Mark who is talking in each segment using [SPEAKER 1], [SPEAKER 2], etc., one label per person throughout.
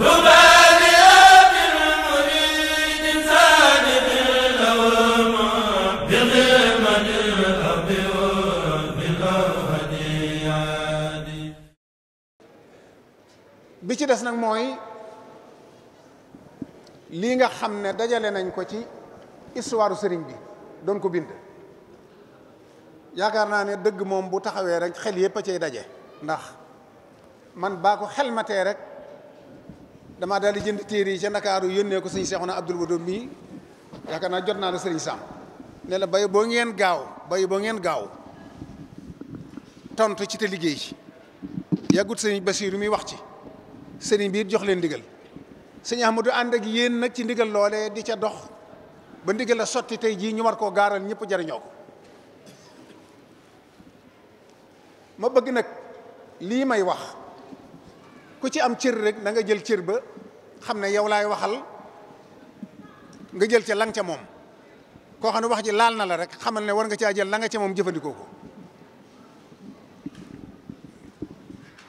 [SPEAKER 1] bi
[SPEAKER 2] ci des nag mooy lii nga xam ne dajale nañ ko ci histoire sëriñ bi doon ko bind yaakaar naa ne dëgg moom bu taxawee rek xel yépp a cay daje ndax man baa ko xelmatee rek damaa daal di jënd téere yi ca Ndakaaru yónnee ko sëñ Seexuna Abdul Wadoud mii yaakaar naa jot naa la sëriñ Sam ne bay boo ngeen gaaw bay boo ngeen gaaw tontu ci te liggéey yàggut sëriñ Basiiru mi wax ci sëriñ biir jox leen ndigal sëñ Ahmadu ànd ak yéen nag ci ndigal loolee di ca dox ba ndigal la sotti tey jii ñu war koo gaaral ñëpp jariñoo ko ma bëgg nag lii may wax ku ci am cër rek na nga jël cër ba xam ne yow laay waxal nga jël ca lang ca moom koo xam ne wax ji laal na la rek xamal ne war nga caa jël la nga ca moom jëfandikoo ko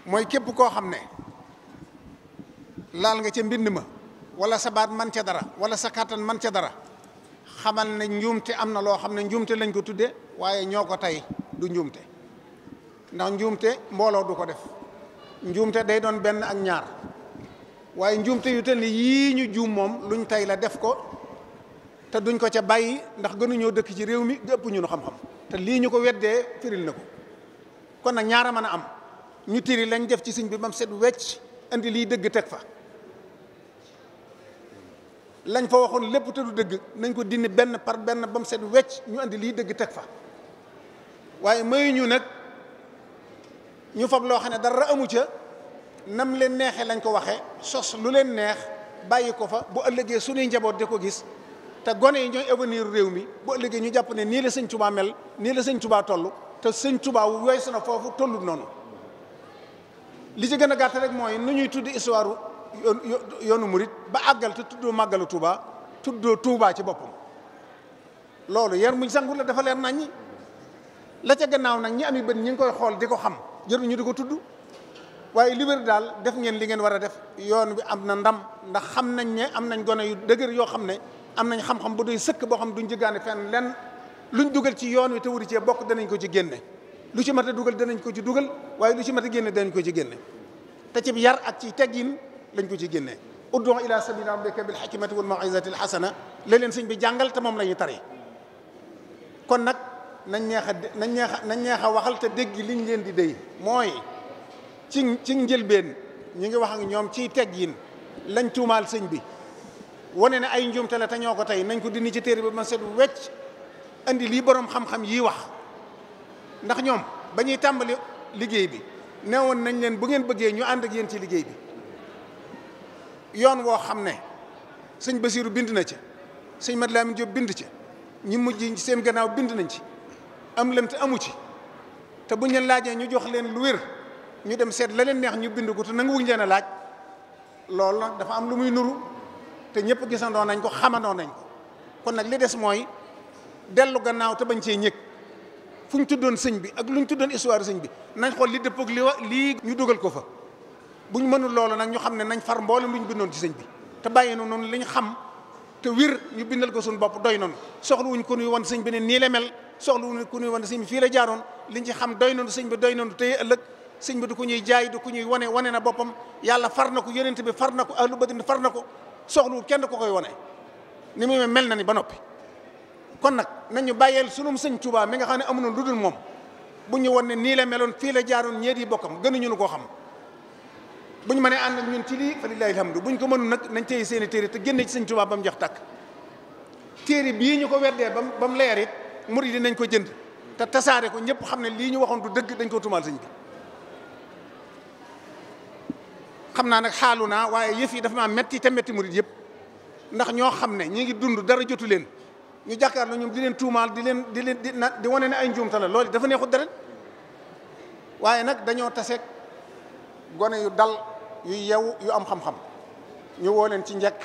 [SPEAKER 2] mooy képp koo xam ne laal nga ca mbind ma wala sa baat man ca dara wala sa kàttan man ca dara xamal ne njuumte am na loo xam ne njuumte lañ ko tudde waaye ñoo ko tey du njuumte ndax njuumte mbooloo du ko def njuumte day doon benn ak ñaar waaye njuumte yu te ni yii ñu juum moom luñ tey la def ko te duñ ko ca bàyyi ndax gënuñoo dëkk ci réew mi ëpp ñu nu xam-xam te lii ñu ko weddee firil na ko kon nag ñaara mën a am ñu tiri lañ def ci siñ bi bam set wecc indi lii dëgg teg fa lañ fa waxoon lépp te du dëgg nañ ko dindi benn par benn bam set wecc ñu indi lii dëgg teg fa waaye mayu ñu ñu fab loo xam ne dara amu ca nam leen neexee lañ ko waxee sos lu leen neex bàyyi ko fa bu ëllëgee suñuy njaboot di ko gis te gone yi ñooy avenir réew mi bu ëllëgee ñu jàpp ne nii la sëñ Tuubaa mel nii la sëñ Tuubaa toll te sëñ Tuubaa yooyu su na foofu tollut noonu li ci gën a gàtt rek mooy nu ñuy tudd histoire yoonu murit ba àggal te tuddoo màggalu Tuubaa tuddoo Tuubaa ci boppam loolu yar muñ sangul la dafa leer nañ la ca gannaaw nag ñi ami bët ñi ngi koy xool di ko xam jëruñu di ko tudd waaye li daal def ngeen li ngeen war a def yoon wi am na ndam ndax xam nañ ne am nañ gone yu dëgër yoo xam ne am nañ xam-xam bu doy sëkk boo xam duñ jëggaane fenn lenn luñ dugal ci yoon wi te wuri cee bokk danañ ko ci génne lu ci mat a dugal danañ ko ci dugal waaye lu ci mat a génne danañ ko ci génne te ci yar ak ci teggin lañ ko ci génne uddu ila sabili bi bil hikmati wal mawizati al hasana la leen sëñ bi jàngal te moom la ñu tare nañ neex nañ neex a nañ neex a waxal te dégg liñ leen di déy mooy ci ci njëlbeen ñu ngi wax ak ñoom ciy teggin lañ tuumaal sëñ bi wane ne ay njuumte la te ñoo ko tey nañ ko dindi ci téere bi ma set wecc indi lii boroom xam-xam yii wax ndax ñoom ba ñuy tàmbali liggéey bi newoon nañ leen bu ngeen bëggee ñu ànd ak yéen ci liggéey bi yoon woo xam ne sëñ Basiiru bind na ci sëñ Mat Laamin Jóob bind ci ñi mujj seen gannaaw bind nañ ci am lënt amu ci te buñ leen laajee ñu jox leen lu wér ñu dem seet la leen neex ñu bind ko te nanguwuñ leen a laaj loolu nag dafa am lu muy nuru te ñëpp gisandoo nañ ko xamandoo nañ ko kon nag li des mooy dellu gannaaw te bañ cee ñëg fu ñu tuddoon sëñ bi ak lu ñu tuddoon histoire sëñ bi nañ xool li dëppoog li wa lii ñu dugal ko fa bu ñu mënul loolu nag ñu xam ne nañ far mboole lu ñu bindoon ci sëñ bi te bàyyi na noonu li ñu xam te wir ñu bindal ko suñu bopp doy noonu soxla wuñ ko nuy wan sëñ bi ne la mel soxlu ku ñuy wone sëñ bi fi la jaaroon liñ ci xam doy nañu sëñ bi doy nañu tey ëllëg sëñ bi du ku ñuy jaay du ku ñuy wone wone na boppam yàlla far na ko yonent bi far na ko ahlu badin far na ko soxlu kenn ko koy wone ni muy mel na ni ba noppi kon nag nañu bàyyeel sunum sëñ Tuubaa mi nga xam ne amuñu lu dul moom bu ñu wone ne nii la meloon fii la jaaroon ñeet yi bokkam gënuñu nu ko xam bu ñu mënee ànd ak ñun ci lii fa lillahi alhamdu bu ñu ko mënu nag nañ téye seen i téere te génne ci sëñ Tuubaa ba mu jox tàkk téere bii ñu ko weddee ba mu leer it murid yi nañ ko jënd te tasaare ko ñëpp xam ne lii ñu waxoon du dëgg dañ ko tumaal sëñ bi xam naa nag xaalu naa waaye yëf yi dafa maa metti te metti murid yëpp ndax ñoo xam ne ñi ngi dund dara jotu leen ñu jàkkaar la ñoom di leen tuumaal di leen di leen di na di wane ne ay njuumte la loolu dafa neexut dara waaye nag dañoo taseeg gone yu dal yu yew yu am xam-xam ñu woo leen ci njëkk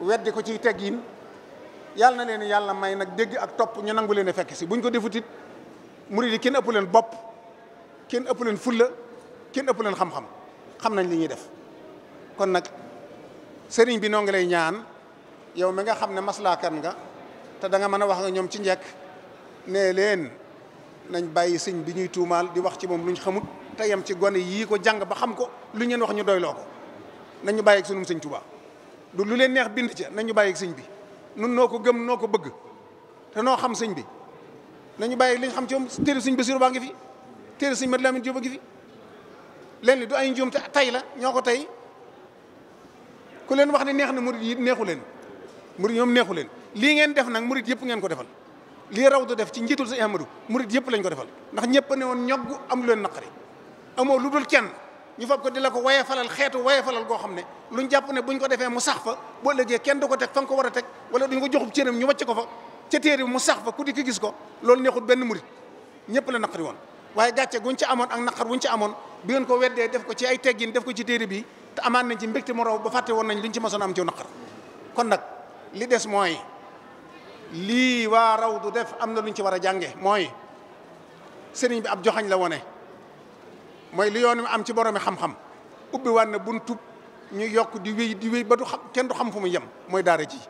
[SPEAKER 2] weddi ko ci teggin yal na leen yàlla may nak deg ak top ñu nangul leen fekk ci buñ ko defutit murid kin kenn ëpp leen bop kenn ëpp leen fulla kenn ëpp leen xam-xam xam nañ li ñi def kon nak sëriñ bi noo ngi lay ñaan yow mi nga xamne masla kan nga te da nga mëna wax nga ci ñek ne leen nañ bayyi bi ñuy tuumal di wax ci mom luñ xamut ta yem ci gone yi ko jang ba xam ko lu ñeen wax ñu doylo ko nañu bayyi ak suñu sëñ Tuubaa du lu leen neex bind ci nañu bayyi ak bi nun noo ko gëm noo ko bëgg te noo xam sëñ bi nañu bàyyi li ñu xam ci moom téere sëñ Basiru baa ngi fi téere sëñ Madu Lamin Jóob a ngi fi leen li du ay njuum te tay la ñoo ko tey ku leen wax ne neex na murit yit neexu leen murit ñoom neexu leen lii ngeen def nag murit yëpp ngeen ko defal lii raw du def ci njiitul sëñ Ahmadu murit yëpp lañ ko defal ndax ñëpp ne woon ñoggu am lu leen naqari amoo lu dul kenn ñu fop ko di la ko waye falal xeetu waye falal go xamné luñu jàpp ne buñ ko défé mu sax fa bo ëllëgee kèn du ko teg fa nga ko war a wala duñ ko joxum cëram ñu wàcc ko fa ci téré mu sax fa ku di ki gis ko lool neexut ben mourid ñëpp la naqari won waye gatché guñ ci amon ak naqar buñ ci amon bi ngeen ko weddee def ko ci ay teggin def ko ci téré bi te amaan nañ ci mbékté mo raw ba faté won nañ luñ ci mosoon am ci naqar kon nak li dess moy li wa raw du def amna luñ ci wara jànge moy sëriñ bi ab joxañ la wone mooy li yoon am ci boroomi xam-xam ubbi waat na buntub ñu yokk di wéy di wéy ba du xam kenn du xam fu mu yem mooy daara ji